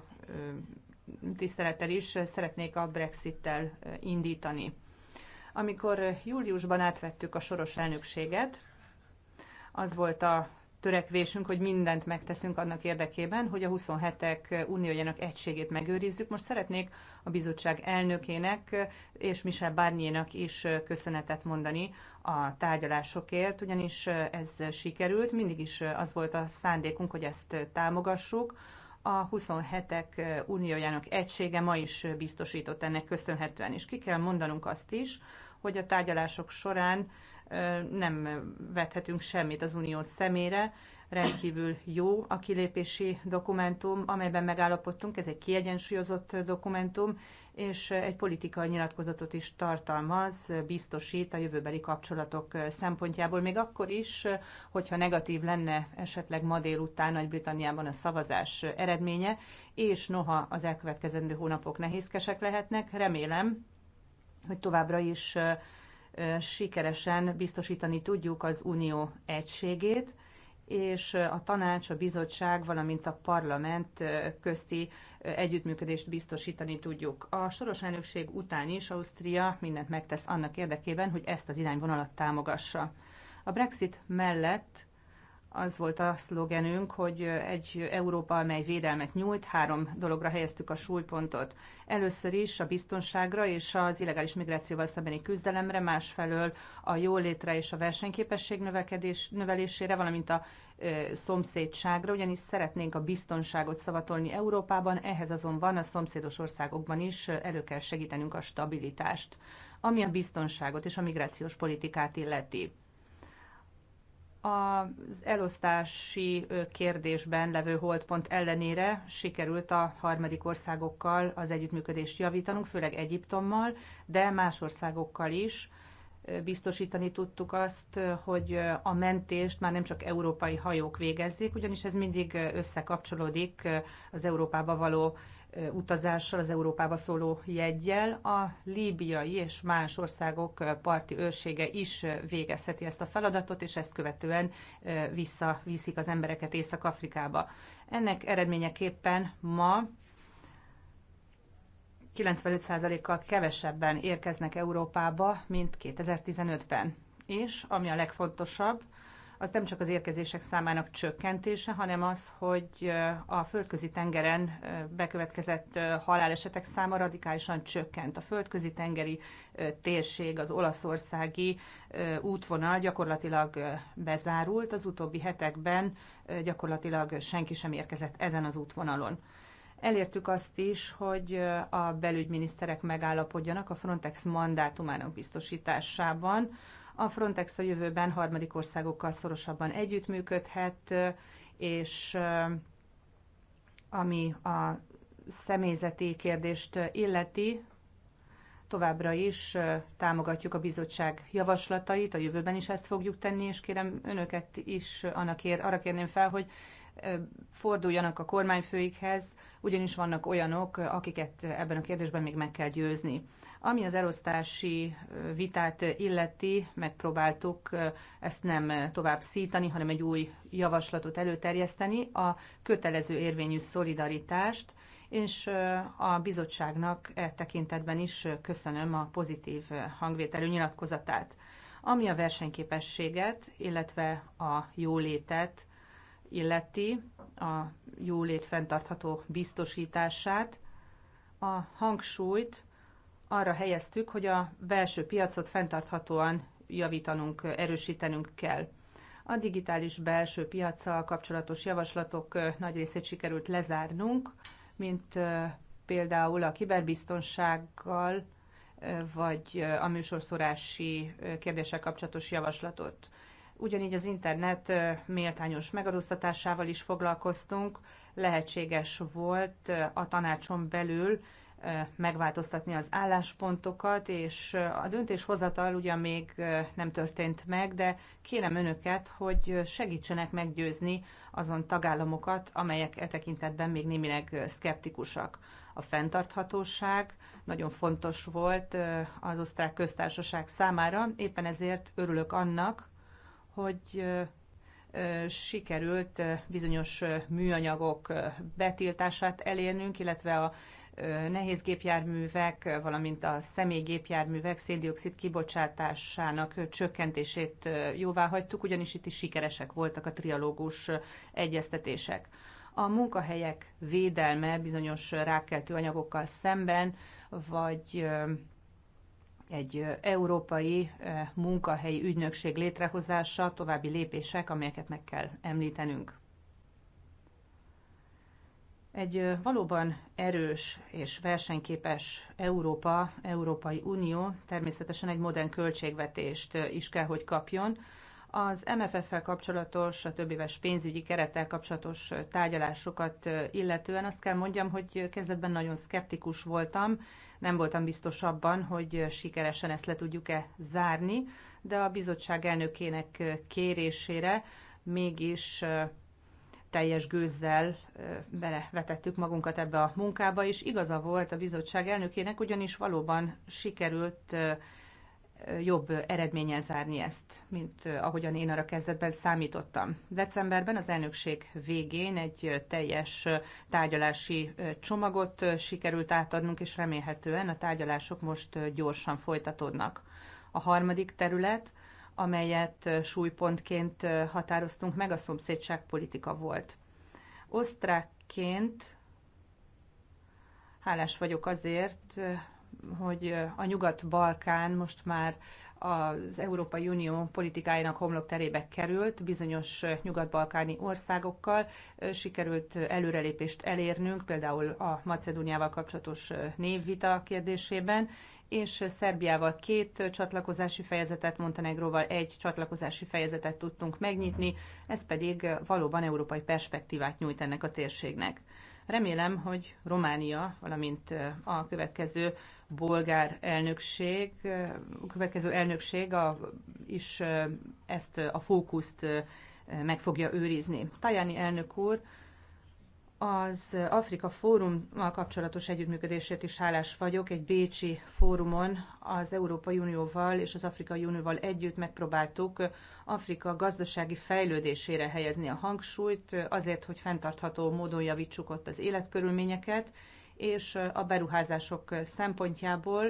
tisztelettel is szeretnék a Brexit-tel indítani. Amikor júliusban átvettük a soros elnökséget, az volt a törekvésünk, hogy mindent megteszünk annak érdekében, hogy a 27-ek uniójának egységét megőrizzük. Most szeretnék a bizottság elnökének és Michel Barnier-nak is köszönetet mondani a tárgyalásokért, ugyanis ez sikerült, mindig is az volt a szándékunk, hogy ezt támogassuk. A 27-ek uniójának egysége ma is biztosított ennek köszönhetően, és ki kell mondanunk azt is, hogy a tárgyalások során nem vethetünk semmit az unió szemére, rendkívül jó a kilépési dokumentum, amelyben megállapodtunk. Ez egy kiegyensúlyozott dokumentum, és egy politikai nyilatkozatot is tartalmaz, biztosít a jövőbeli kapcsolatok szempontjából, még akkor is, hogyha negatív lenne esetleg ma délután Nagy-Britanniában a szavazás eredménye, és noha az elkövetkezendő hónapok nehézkesek lehetnek, remélem, hogy továbbra is sikeresen biztosítani tudjuk az unió egységét, és a tanács, a bizottság, valamint a parlament közti együttműködést biztosítani tudjuk. A soros elnökség után is Ausztria mindent megtesz annak érdekében, hogy ezt az irányvonalat támogassa. A Brexit mellett az volt a szlogenünk, hogy egy Európa, amely védelmet nyújt, három dologra helyeztük a súlypontot. Először is a biztonságra és az illegális migrációval szembeni küzdelemre, másfelől a jólétre és a versenyképesség növekedés, növelésére, valamint a e, szomszédságra, ugyanis szeretnénk a biztonságot szavatolni Európában, ehhez azonban a szomszédos országokban is elő kell segítenünk a stabilitást, ami a biztonságot és a migrációs politikát illeti az elosztási kérdésben levő holdpont ellenére sikerült a harmadik országokkal az együttműködést javítanunk, főleg Egyiptommal, de más országokkal is. Biztosítani tudtuk azt, hogy a mentést már nem csak európai hajók végezzék, ugyanis ez mindig összekapcsolódik az Európába való utazással, az Európába szóló jegyjel. A líbiai és más országok parti őrsége is végezheti ezt a feladatot, és ezt követően visszaviszik az embereket Észak-Afrikába. Ennek eredményeképpen ma 95%-kal kevesebben érkeznek Európába, mint 2015-ben. És ami a legfontosabb, az nem csak az érkezések számának csökkentése, hanem az, hogy a földközi tengeren bekövetkezett halálesetek száma radikálisan csökkent. A földközi tengeri térség, az olaszországi útvonal gyakorlatilag bezárult. Az utóbbi hetekben gyakorlatilag senki sem érkezett ezen az útvonalon. Elértük azt is, hogy a belügyminiszterek megállapodjanak a Frontex mandátumának biztosításában, a Frontex a jövőben harmadik országokkal szorosabban együttműködhet, és ami a személyzeti kérdést illeti, továbbra is támogatjuk a bizottság javaslatait, a jövőben is ezt fogjuk tenni, és kérem önöket is annak ér, arra kérném fel, hogy forduljanak a kormányfőikhez, ugyanis vannak olyanok, akiket ebben a kérdésben még meg kell győzni. Ami az elosztási vitát illeti, megpróbáltuk ezt nem tovább szítani, hanem egy új javaslatot előterjeszteni, a kötelező érvényű szolidaritást, és a bizottságnak e tekintetben is köszönöm a pozitív hangvételű nyilatkozatát. Ami a versenyképességet, illetve a jólétet illeti, a jólét fenntartható biztosítását, a hangsúlyt arra helyeztük, hogy a belső piacot fenntarthatóan javítanunk, erősítenünk kell. A digitális belső piacsal kapcsolatos javaslatok nagy részét sikerült lezárnunk, mint például a kiberbiztonsággal, vagy a műsorszorási kérdéssel kapcsolatos javaslatot. Ugyanígy az internet méltányos megadóztatásával is foglalkoztunk, lehetséges volt a tanácson belül megváltoztatni az álláspontokat, és a döntéshozatal ugyan még nem történt meg, de kérem önöket, hogy segítsenek meggyőzni azon tagállamokat, amelyek e tekintetben még némileg szkeptikusak. A fenntarthatóság nagyon fontos volt az osztrák köztársaság számára, éppen ezért örülök annak, hogy sikerült bizonyos műanyagok betiltását elérnünk, illetve a nehéz gépjárművek, valamint a személygépjárművek széndiokszid kibocsátásának csökkentését jóvá hagytuk, ugyanis itt is sikeresek voltak a trialógus egyeztetések. A munkahelyek védelme bizonyos rákkeltő anyagokkal szemben, vagy egy európai munkahelyi ügynökség létrehozása, további lépések, amelyeket meg kell említenünk. Egy valóban erős és versenyképes Európa, Európai Unió természetesen egy modern költségvetést is kell, hogy kapjon. Az MFF-fel kapcsolatos, a többéves pénzügyi kerettel kapcsolatos tárgyalásokat illetően azt kell mondjam, hogy kezdetben nagyon szkeptikus voltam, nem voltam biztos abban, hogy sikeresen ezt le tudjuk-e zárni, de a bizottság elnökének kérésére mégis teljes gőzzel belevetettük magunkat ebbe a munkába, és igaza volt a bizottság elnökének, ugyanis valóban sikerült jobb eredményen zárni ezt, mint eh, ahogyan én arra kezdetben számítottam. Decemberben az elnökség végén egy eh, teljes eh, tárgyalási csomagot sikerült átadnunk, és remélhetően a tárgyalások most gyorsan folytatódnak. A harmadik terület, amelyet súlypontként határoztunk meg, a szomszédságpolitika volt. Osztrákként hálás vagyok azért, hogy a Nyugat-Balkán most már az Európai Unió politikájának homlok terébe került, bizonyos nyugat-balkáni országokkal sikerült előrelépést elérnünk, például a Macedóniával kapcsolatos névvita kérdésében, és Szerbiával két csatlakozási fejezetet, Montenegróval egy csatlakozási fejezetet tudtunk megnyitni, ez pedig valóban európai perspektívát nyújt ennek a térségnek. Remélem, hogy Románia, valamint a következő bolgár elnökség, a következő elnökség a, is ezt a fókuszt meg fogja őrizni. Tajani elnök úr az Afrika Fórummal kapcsolatos együttműködésért is hálás vagyok. Egy bécsi fórumon az Európai Unióval és az Afrikai Unióval együtt megpróbáltuk Afrika gazdasági fejlődésére helyezni a hangsúlyt, azért, hogy fenntartható módon javítsuk ott az életkörülményeket, és a beruházások szempontjából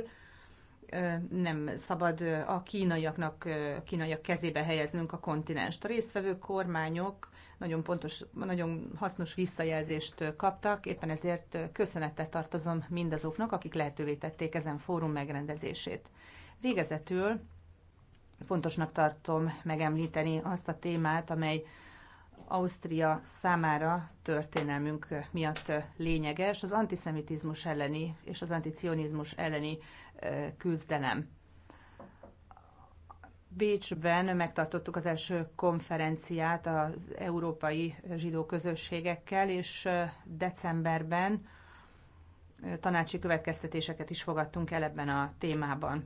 nem szabad a kínaiaknak, a kínaiak kezébe helyeznünk a kontinenst. A résztvevő kormányok nagyon pontos, nagyon hasznos visszajelzést kaptak, éppen ezért köszönettel tartozom mindazoknak, akik lehetővé tették ezen fórum megrendezését. Végezetül fontosnak tartom megemlíteni azt a témát, amely Ausztria számára történelmünk miatt lényeges, az antiszemitizmus elleni és az anticionizmus elleni küzdelem. Bécsben megtartottuk az első konferenciát az európai zsidó közösségekkel, és decemberben tanácsi következtetéseket is fogadtunk el ebben a témában.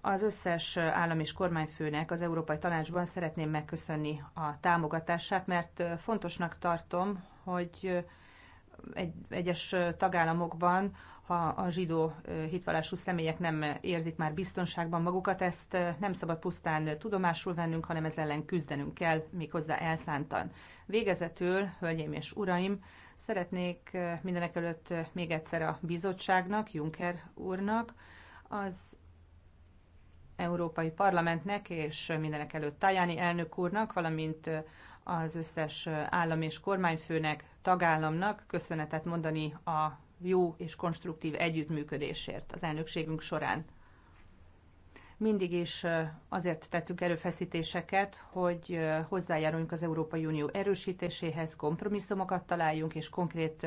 Az összes állam és kormányfőnek az Európai Tanácsban szeretném megköszönni a támogatását, mert fontosnak tartom, hogy egy, egyes tagállamokban, ha a zsidó hitvallású személyek nem érzik már biztonságban magukat, ezt nem szabad pusztán tudomásul vennünk, hanem ez ellen küzdenünk kell, méghozzá elszántan. Végezetül, hölgyeim és uraim, szeretnék mindenek előtt még egyszer a bizottságnak, Juncker úrnak, az Európai Parlamentnek és mindenek előtt Tajani elnök úrnak, valamint az összes állam és kormányfőnek, tagállamnak köszönetet mondani a jó és konstruktív együttműködésért az elnökségünk során. Mindig is azért tettünk erőfeszítéseket, hogy hozzájáruljunk az Európai Unió erősítéséhez, kompromisszumokat találjunk és konkrét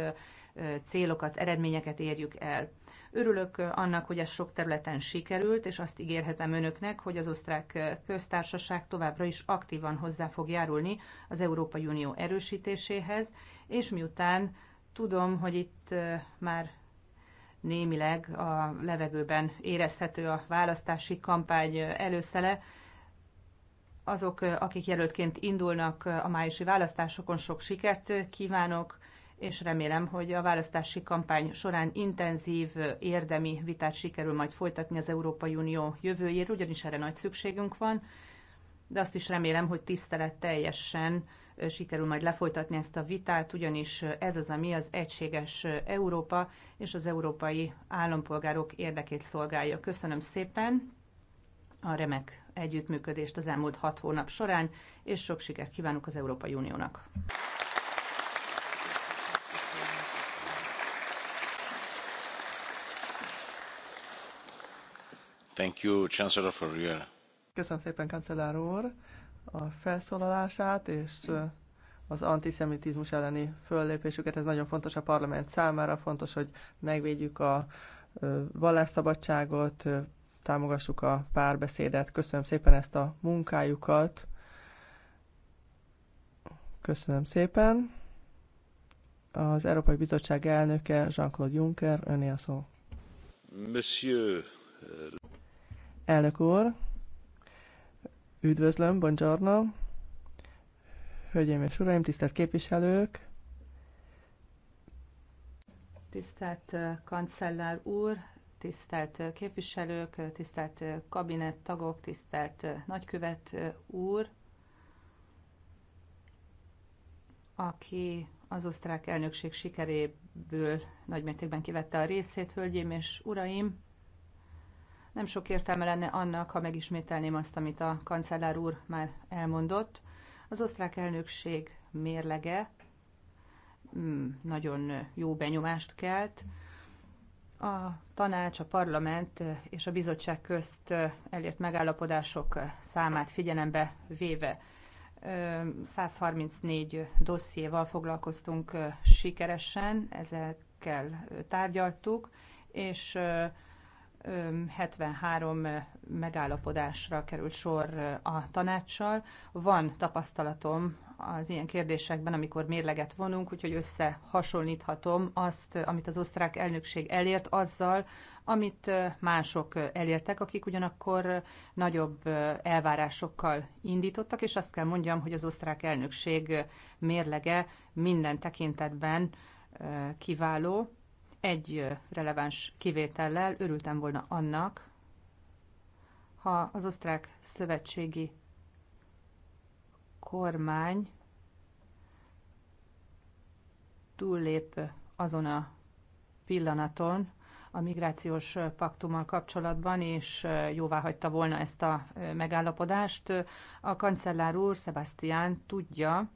célokat, eredményeket érjük el. Örülök annak, hogy ez sok területen sikerült, és azt ígérhetem önöknek, hogy az osztrák köztársaság továbbra is aktívan hozzá fog járulni az Európai Unió erősítéséhez, és miután tudom, hogy itt már némileg a levegőben érezhető a választási kampány előszele, azok, akik jelöltként indulnak a májusi választásokon, sok sikert kívánok, és remélem, hogy a választási kampány során intenzív érdemi vitát sikerül majd folytatni az Európai Unió jövőjéről, ugyanis erre nagy szükségünk van, de azt is remélem, hogy teljesen sikerül majd lefolytatni ezt a vitát, ugyanis ez az, ami az egységes Európa és az európai állampolgárok érdekét szolgálja. Köszönöm szépen a remek együttműködést az elmúlt hat hónap során, és sok sikert kívánok az Európai Uniónak! Köszönöm szépen, kancellár úr, a felszólalását, és az antiszemitizmus elleni föllépésüket. Ez nagyon fontos a parlament számára, fontos, hogy megvédjük a vallásszabadságot, támogassuk a párbeszédet. Köszönöm szépen ezt a munkájukat. Köszönöm szépen. Az Európai Bizottság elnöke Jean-Claude Juncker, öné a szó. Monsieur Elnök úr, üdvözlöm, buongiorno, hölgyeim és uraim, tisztelt képviselők, Tisztelt kancellár úr, tisztelt képviselők, tisztelt tagok, tisztelt nagykövet úr, aki az osztrák elnökség sikeréből nagymértékben kivette a részét, hölgyeim és uraim, nem sok értelme lenne annak, ha megismételném azt, amit a kancellár úr már elmondott. Az osztrák elnökség mérlege mm, nagyon jó benyomást kelt. A tanács, a parlament és a bizottság közt elért megállapodások számát figyelembe véve 134 dossziéval foglalkoztunk sikeresen, ezekkel tárgyaltuk, és 73 megállapodásra került sor a tanácssal. Van tapasztalatom az ilyen kérdésekben, amikor mérleget vonunk, úgyhogy összehasonlíthatom azt, amit az osztrák elnökség elért, azzal, amit mások elértek, akik ugyanakkor nagyobb elvárásokkal indítottak, és azt kell mondjam, hogy az osztrák elnökség mérlege minden tekintetben kiváló egy releváns kivétellel örültem volna annak, ha az osztrák szövetségi kormány túllép azon a pillanaton a migrációs paktummal kapcsolatban, és jóvá hagyta volna ezt a megállapodást. A kancellár úr, Sebastian tudja,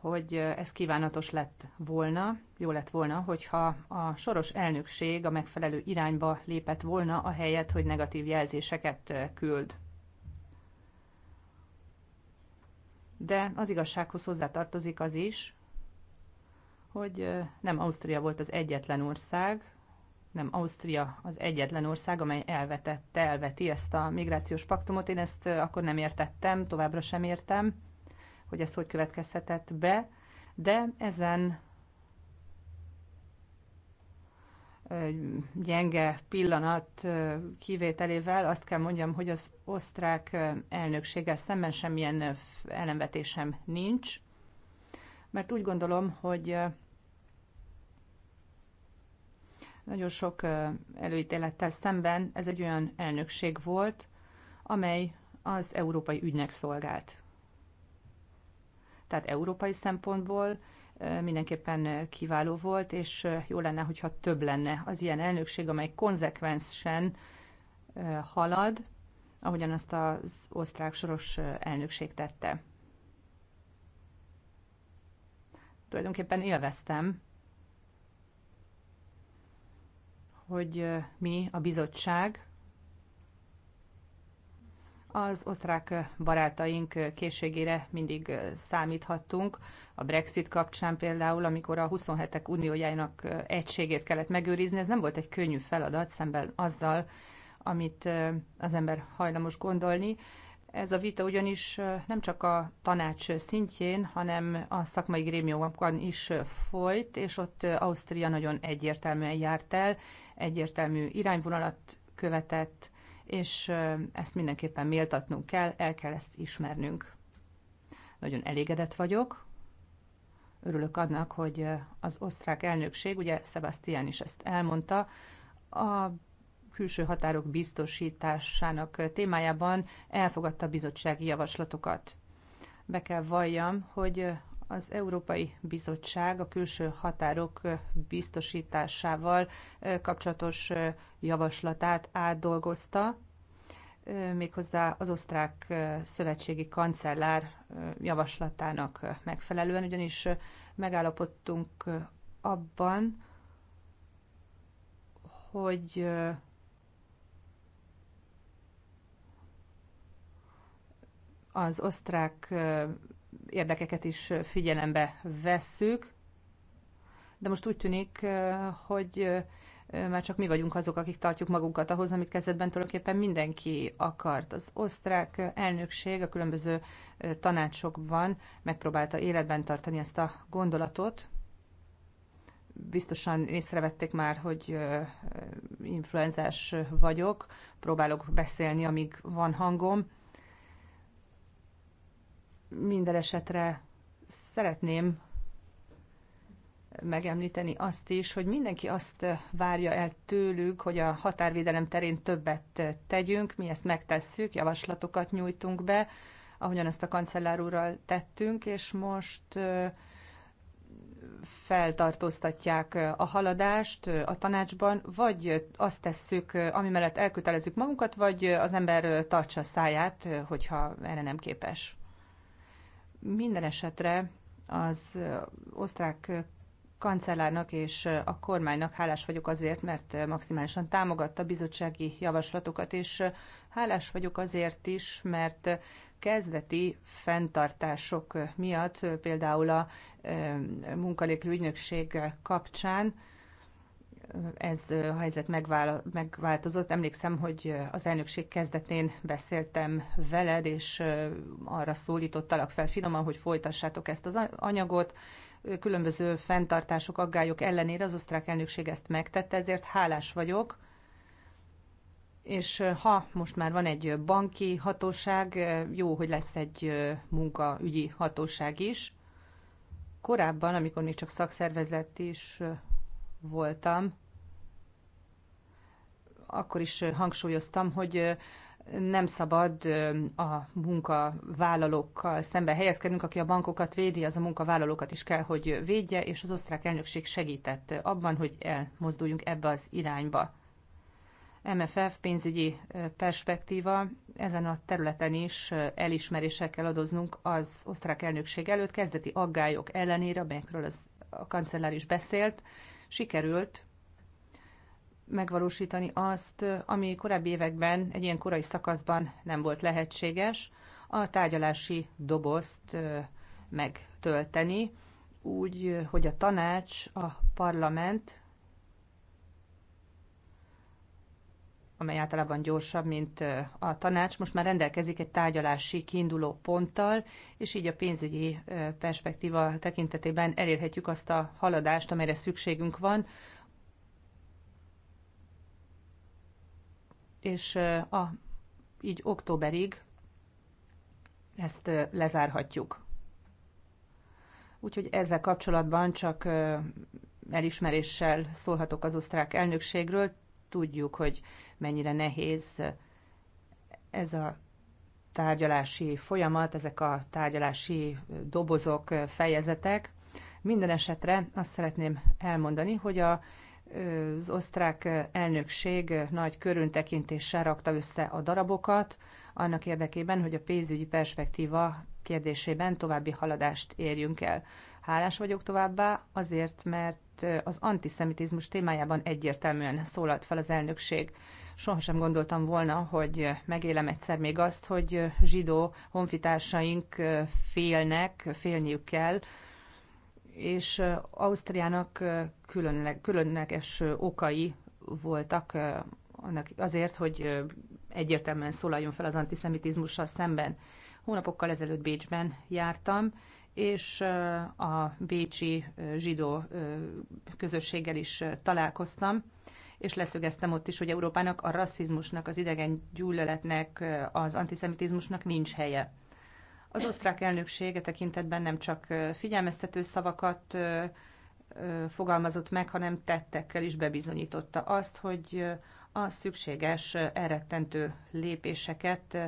hogy ez kívánatos lett volna, jó lett volna, hogyha a soros elnökség a megfelelő irányba lépett volna, a helyet, hogy negatív jelzéseket küld. De az igazsághoz hozzátartozik az is, hogy nem Ausztria volt az egyetlen ország, nem Ausztria az egyetlen ország, amely elvetette, elveti ezt a migrációs paktumot. Én ezt akkor nem értettem, továbbra sem értem, hogy ez hogy következhetett be, de ezen gyenge pillanat kivételével azt kell mondjam, hogy az osztrák elnökséggel szemben semmilyen ellenvetésem nincs, mert úgy gondolom, hogy nagyon sok előítélettel szemben ez egy olyan elnökség volt, amely az európai ügynek szolgált. Tehát európai szempontból mindenképpen kiváló volt, és jó lenne, hogyha több lenne az ilyen elnökség, amely konzekvensen halad, ahogyan azt az osztrák soros elnökség tette. Tulajdonképpen élveztem, hogy mi a bizottság az osztrák barátaink készségére mindig számíthattunk. A Brexit kapcsán például, amikor a 27-ek uniójának egységét kellett megőrizni, ez nem volt egy könnyű feladat szemben azzal, amit az ember hajlamos gondolni. Ez a vita ugyanis nem csak a tanács szintjén, hanem a szakmai grémiumokban is folyt, és ott Ausztria nagyon egyértelműen járt el, egyértelmű irányvonalat követett, és ezt mindenképpen méltatnunk kell, el kell ezt ismernünk. Nagyon elégedett vagyok. Örülök annak, hogy az osztrák elnökség, ugye Sebastian is ezt elmondta, a külső határok biztosításának témájában elfogadta a bizottsági javaslatokat. Be kell valljam, hogy az Európai Bizottság a külső határok biztosításával kapcsolatos javaslatát átdolgozta, méghozzá az osztrák szövetségi kancellár javaslatának megfelelően, ugyanis megállapodtunk abban, hogy az osztrák érdekeket is figyelembe vesszük. De most úgy tűnik, hogy már csak mi vagyunk azok, akik tartjuk magunkat ahhoz, amit kezdetben tulajdonképpen mindenki akart. Az osztrák elnökség a különböző tanácsokban megpróbálta életben tartani ezt a gondolatot. Biztosan észrevették már, hogy influenzás vagyok, próbálok beszélni, amíg van hangom minden esetre szeretném megemlíteni azt is, hogy mindenki azt várja el tőlük, hogy a határvédelem terén többet tegyünk, mi ezt megtesszük, javaslatokat nyújtunk be, ahogyan ezt a kancellár úrral tettünk, és most feltartóztatják a haladást a tanácsban, vagy azt tesszük, ami mellett elkötelezzük magunkat, vagy az ember tartsa a száját, hogyha erre nem képes. Minden esetre az osztrák kancellárnak és a kormánynak hálás vagyok azért, mert maximálisan támogatta bizottsági javaslatokat, és hálás vagyok azért is, mert kezdeti fenntartások miatt, például a munkalékrű ügynökség kapcsán ez a helyzet megváltozott. Emlékszem, hogy az elnökség kezdetén beszéltem veled, és arra szólítottalak fel finoman, hogy folytassátok ezt az anyagot. Különböző fenntartások, aggályok ellenére az osztrák elnökség ezt megtette, ezért hálás vagyok. És ha most már van egy banki hatóság, jó, hogy lesz egy munkaügyi hatóság is. Korábban, amikor még csak szakszervezet is voltam, akkor is hangsúlyoztam, hogy nem szabad a munkavállalókkal szembe helyezkednünk, aki a bankokat védi, az a munkavállalókat is kell, hogy védje, és az osztrák elnökség segített abban, hogy elmozduljunk ebbe az irányba. MFF pénzügyi perspektíva, ezen a területen is elismerésekkel kell adoznunk az osztrák elnökség előtt kezdeti aggályok ellenére, amelyekről az, a kancellár is beszélt, sikerült megvalósítani azt, ami korábbi években egy ilyen korai szakaszban nem volt lehetséges, a tárgyalási dobozt megtölteni, úgy, hogy a tanács, a parlament amely általában gyorsabb, mint a tanács, most már rendelkezik egy tárgyalási kiinduló ponttal, és így a pénzügyi perspektíva tekintetében elérhetjük azt a haladást, amelyre szükségünk van, és a, így októberig ezt lezárhatjuk. Úgyhogy ezzel kapcsolatban csak elismeréssel szólhatok az osztrák elnökségről tudjuk, hogy mennyire nehéz ez a tárgyalási folyamat, ezek a tárgyalási dobozok, fejezetek. Minden esetre azt szeretném elmondani, hogy a, az osztrák elnökség nagy körüntekintéssel rakta össze a darabokat, annak érdekében, hogy a pénzügyi perspektíva kérdésében további haladást érjünk el. Hálás vagyok továbbá azért, mert az antiszemitizmus témájában egyértelműen szólalt fel az elnökség. Sohasem gondoltam volna, hogy megélem egyszer még azt, hogy zsidó honfitársaink félnek, félniük kell, és Ausztriának különleg, különleges okai voltak azért, hogy egyértelműen szólaljon fel az antiszemitizmussal szemben. Hónapokkal ezelőtt Bécsben jártam, és a bécsi zsidó közösséggel is találkoztam, és leszögeztem ott is, hogy Európának a rasszizmusnak, az idegen gyűlöletnek, az antiszemitizmusnak nincs helye. Az osztrák elnöksége tekintetben nem csak figyelmeztető szavakat fogalmazott meg, hanem tettekkel is bebizonyította azt, hogy a szükséges elrettentő lépéseket